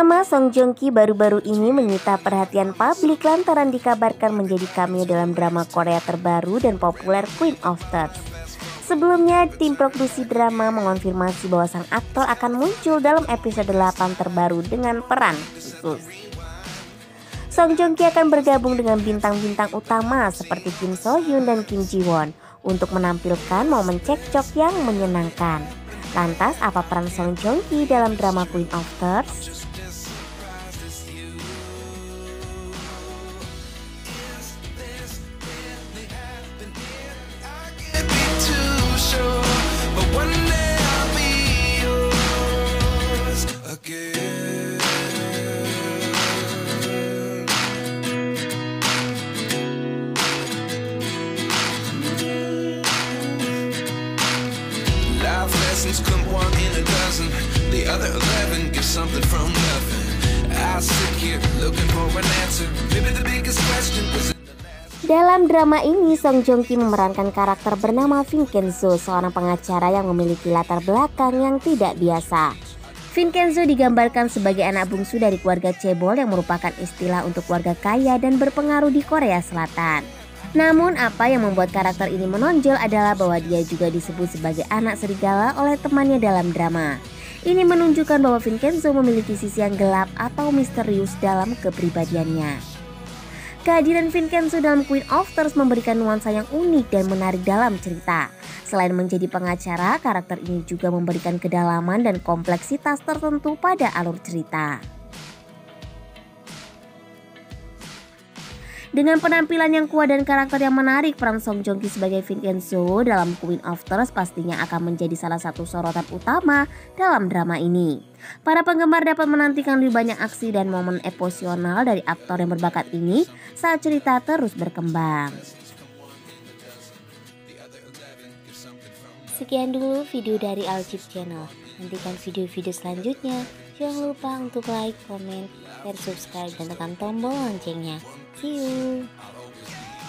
Nama Song Joong Ki baru-baru ini menyita perhatian publik lantaran dikabarkan menjadi cameo dalam drama Korea terbaru dan populer Queen of Thirds. Sebelumnya, tim produksi drama mengonfirmasi bahwa sang aktor akan muncul dalam episode 8 terbaru dengan peran khusus. Song Joong Ki akan bergabung dengan bintang-bintang utama seperti Kim So Hyun dan Kim Ji Won untuk menampilkan momen cekcok yang menyenangkan. Lantas, apa peran Song Joong Ki dalam drama Queen of Thirds? lessons come one in a dozen. The other eleven get something from nothing. Dalam drama ini, Song Joong Ki memerankan karakter bernama Vincenzo, seorang pengacara yang memiliki latar belakang yang tidak biasa. Vincenzo digambarkan sebagai anak bungsu dari keluarga cebol yang merupakan istilah untuk keluarga kaya dan berpengaruh di Korea Selatan. Namun apa yang membuat karakter ini menonjol adalah bahwa dia juga disebut sebagai anak serigala oleh temannya dalam drama. Ini menunjukkan bahwa Vincenzo memiliki sisi yang gelap atau misterius dalam kepribadiannya. Kehadiran Vincenzo dalam Queen of Thorns memberikan nuansa yang unik dan menarik dalam cerita. Selain menjadi pengacara, karakter ini juga memberikan kedalaman dan kompleksitas tertentu pada alur cerita. Dengan penampilan yang kuat dan karakter yang menarik, peran Song Joong Ki sebagai Vincenzo dalam Queen of Thrones pastinya akan menjadi salah satu sorotan utama dalam drama ini. Para penggemar dapat menantikan lebih banyak aksi dan momen emosional dari aktor yang berbakat ini saat cerita terus berkembang. Sekian dulu video dari Aljib Channel. Nantikan video-video selanjutnya. Jangan lupa untuk like, komen, share, subscribe, dan tekan tombol loncengnya. See you!